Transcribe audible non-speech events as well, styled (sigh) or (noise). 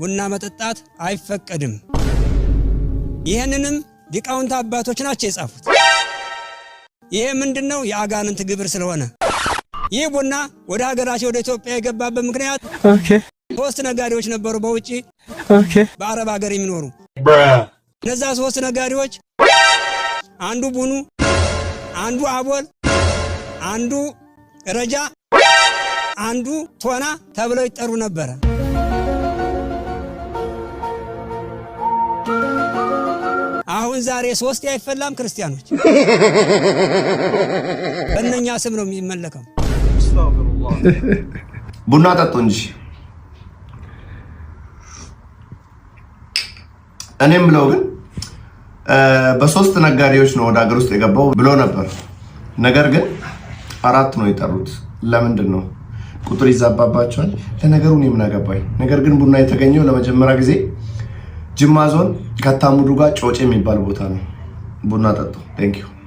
ቡና መጠጣት አይፈቀድም። ይህንንም ሊቃውንት አባቶች ናቸው የጻፉት። ይሄ ምንድን ነው? የአጋንንት ግብር ስለሆነ ይህ ቡና ወደ ሀገራችን ወደ ኢትዮጵያ የገባበት ምክንያት ሶስት ነጋዴዎች ነበሩ በውጭ በአረብ ሀገር የሚኖሩ እነዛ ሶስት ነጋዴዎች አንዱ ቡኑ፣ አንዱ አቦል፣ አንዱ ረጃ፣ አንዱ ቶና ተብለው ይጠሩ ነበረ። አሁን ዛሬ ሶስት አይፈላም ክርስቲያኖች (laughs) በእነኛ ስም ነው የሚመለከው። ቡና ጠጡ እንጂ እኔም ብለው ግን በሶስት ነጋዴዎች ነው ወደ ሀገር ውስጥ የገባው ብሎ ነበር። ነገር ግን አራት ነው የጠሩት። ለምንድን ነው ቁጥር ይዛባባቸዋል? ለነገሩ እኔ ምን አገባኝ። ነገር ግን ቡና የተገኘው ለመጀመሪያ ጊዜ ጅማ ዞን ከታሙዱ ጋር ጮጬ የሚባል ቦታ ነው። ቡና ጠጡ። ቴንክ ዩ